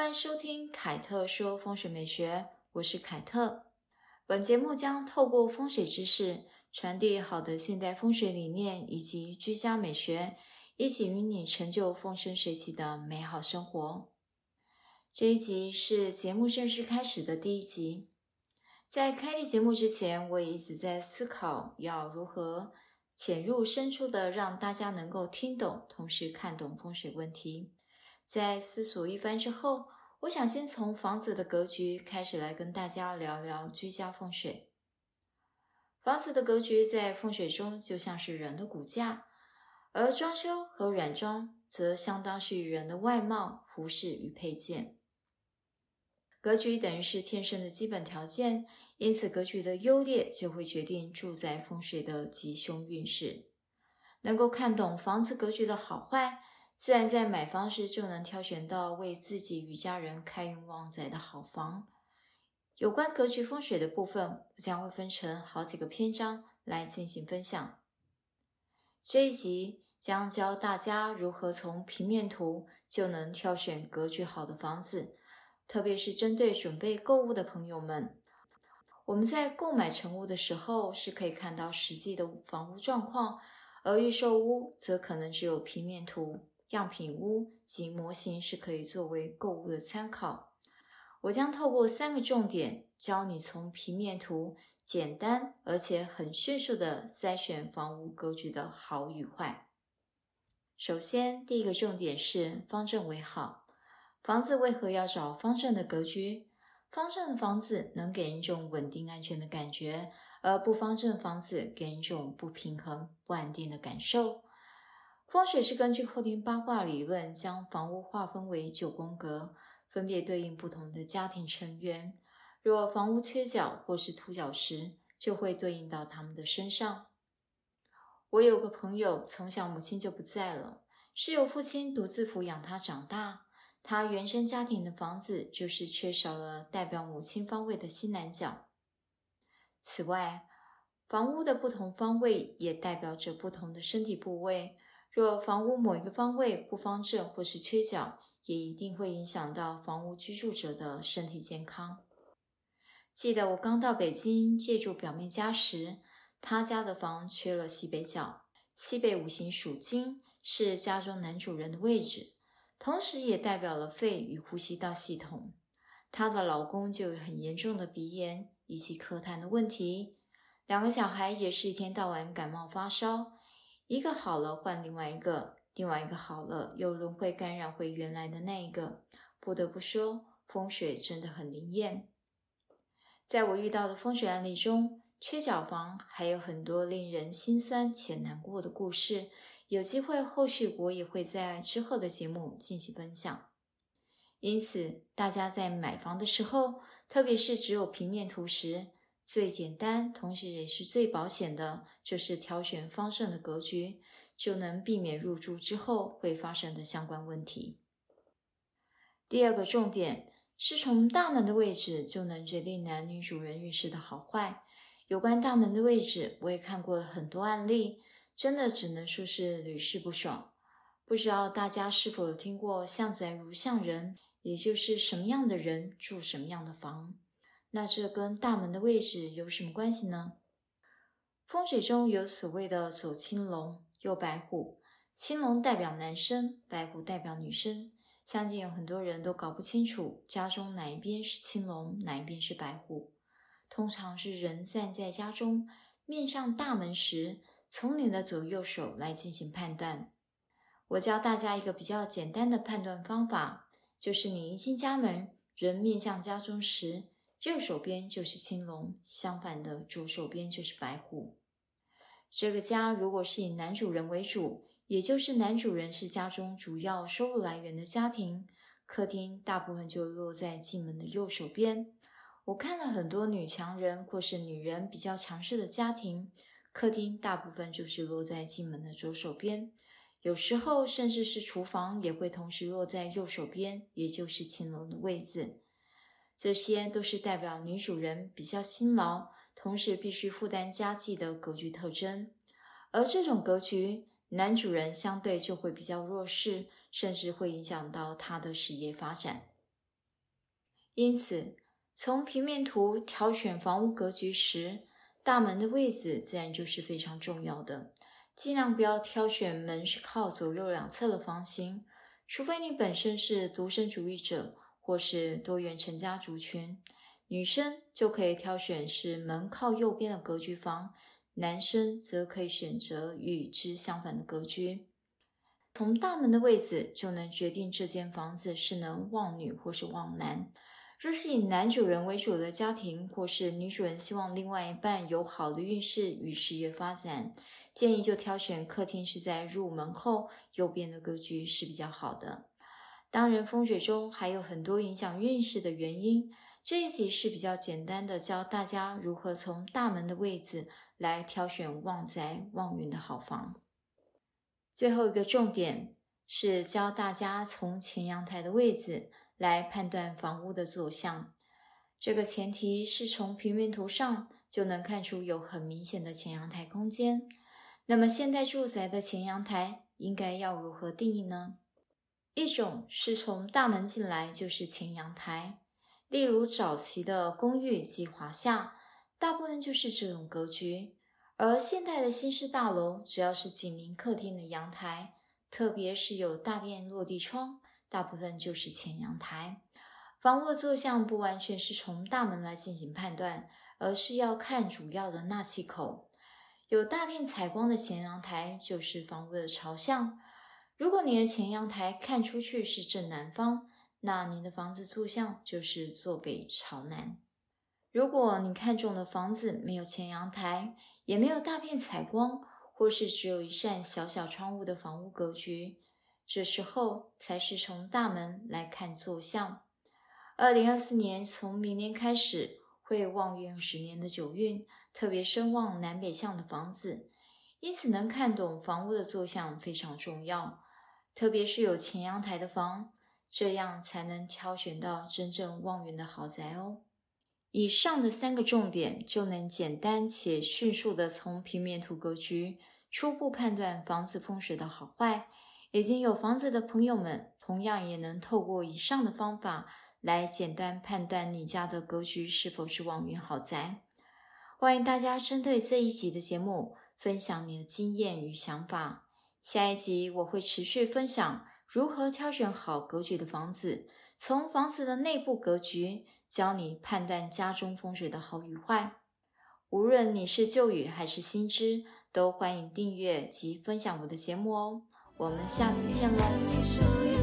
歡迎收聽凱特說風水美學，我是凱特。本節目將透過風水知識，傳遞好的現代風水理念以及居家美學，一起與你成就風生水起的美好生活。這一集是節目正式開始的第一集。在開立節目之前，我也一直在思考要如何潛入深處的讓大家能夠聽懂，同時看懂風水問題。在思索一番之後，我想先從房子的格局開始來跟大家聊聊居家風水。房子的格局在風水中就像是人的骨架，而裝修和軟裝則相當是人的外貌、服飾與配件。格局等於是天生的基本條件，因此格局的優劣就會決定住宅風水的吉凶運勢。能夠看懂房子格局的好壞。自然在買房時就能挑選到為自己與家人開運旺財的好房。有關格局風水的部分，我將會分成好幾個篇章來進行分享。這一集將教大家如何從平面圖就能挑選格局好的房子，特別是針對準備購物的朋友們。我們在購買成屋的時候，是可以看到實際的房屋狀況，而預售屋則可能只有平面圖。樣品屋及模型是可以作為購物的參考。我將透過三個重點，教你從平面圖簡單而且很迅速的篩選房屋格局的好與壞。首先，第一個重點是方正為好。房子為何要找方正的格局？方正的房子能給人一種穩定安全的感覺，而不方正的房子給人一種不平衡、不安定的感受。風水是根據後天八卦理論，將房屋劃分為九宮格，分別對應不同的家庭成員。若房屋缺角或是凸角時，就會對應到他們的身上。我有個朋友，從小母親就不在了，是由父親獨自撫養他長大。他原生家庭的房子就是缺少了代表母親方位的西南角。此外，房屋的不同方位也代表着不同的身體部位。若房屋某一個方位不方正或是缺角，也一定會影響到房屋居住者的身體健康。記得我剛到北京借住表妹家時，她家的房缺了西北角，西北五行屬金，是家中男主人的位置，同時也代表了肺與呼吸道系統。她的老公就有很嚴重的鼻炎以及咳痰的問題，兩個小孩也是一天到晚感冒發燒。一個好了換另外一個，另外一個好了又輪回感染回原來的那一個。不得不說，風水真的很靈驗。在我遇到的風水案例中，缺角房還有很多令人心酸且難過的故事。有機會後續我也會在之後的節目進行分享。因此，大家在買房的時候，特別是只有平面圖時，最簡單，同時也是最保險的，就是挑選方正的格局，就能避免入住之後會發生的相關問題。第二個重點是從大門的位置就能決定男女主人運勢的好壞。有關大門的位置，我也看過很多案例，真的只能說是屢試不爽。不知道大家是否聽過“相宅如相人”，也就是什麼樣的人住什麼樣的房。那這跟大門的位置有什麼關係呢？風水中有所謂的左青龍，右白虎。青龍代表男生，白虎代表女生。相信有很多人都搞不清楚家中哪一邊是青龍，哪一邊是白虎。通常是人站在家中面向大門時，從你的左右手來進行判斷。我教大家一個比較簡單的判斷方法，就是你一進家門，人面向家中時。右手邊就是青龍，相反的，左手邊就是白虎。這個家如果是以男主人為主，也就是男主人是家中主要收入來源的家庭，客廳大部分就落在進門的右手邊。我看了很多女強人或是女人比較強勢的家庭，客廳大部分就是落在進門的左手邊。有時候甚至是廚房也會同時落在右手邊，也就是青龍的位置。這些都是代表女主人比較辛勞，同時必須負擔家計的格局特徵，而這種格局男主人相對就會比較弱勢，甚至會影響到他的事業發展。因此，從平面圖挑選房屋格局時，大門的位置自然就是非常重要的，盡量不要挑選門是靠左右兩側的房型，除非你本身是獨身主義者。或是多元成家族群，女生就可以挑選是門靠右邊的格局房，男生則可以選擇與之相反的格局。從大門的位置就能決定這間房子是能旺女或是旺男。若是以男主人為主的家庭，或是女主人希望另外一半有好的運勢與事業發展，建議就挑選客廳是在入門後，右邊的格局是比較好的。當然，風水中還有很多影響運勢的原因。這一集是比較簡單的，教大家如何從大門的位置來挑選旺宅旺運的好房。最後一個重點是教大家從前陽台的位置來判斷房屋的坐向。這個前提是從平面圖上就能看出有很明顯的前陽台空間。那麼，現代住宅的前陽台應該要如何定義呢？一種是從大門進來就是前陽台，例如早期的公寓及華廈，大部分就是這種格局。而現代的新式大樓，只要是緊鄰客廳的陽台，特別是有大片落地窗，大部分就是前陽台。房屋的坐向不完全是從大門來進行判斷，而是要看主要的納氣口，有大片採光的前陽台就是房屋的朝向。如果你的前陽台看出去是正南方，那你的房子坐向就是坐北朝南。如果你看中的房子沒有前陽台，也沒有大片採光，或是只有一扇小小窗戶的房屋格局，這時候才是從大門來看坐向。二零二四年從明年開始會旺運十年的九運，特別生旺南北向的房子，因此能看懂房屋的坐向非常重要。特別是有前陽臺的房，這樣才能挑選到真正旺運的豪宅哦。以上的三個重點就能簡單且迅速地從平面圖格局初步判斷房子風水的好壞。已經有房子的朋友們，同樣也能透過以上的方法來簡單判斷你家的格局是否是旺運好宅。歡迎大家針對這一集的節目分享你的經驗與想法。下一集我會持續分享如何挑選好格局的房子，從房子的內部格局教你判斷家中風水的好與壞。無論你是舊雨還是新知，都歡迎訂閱及分享我的節目哦。我們下次見嘍！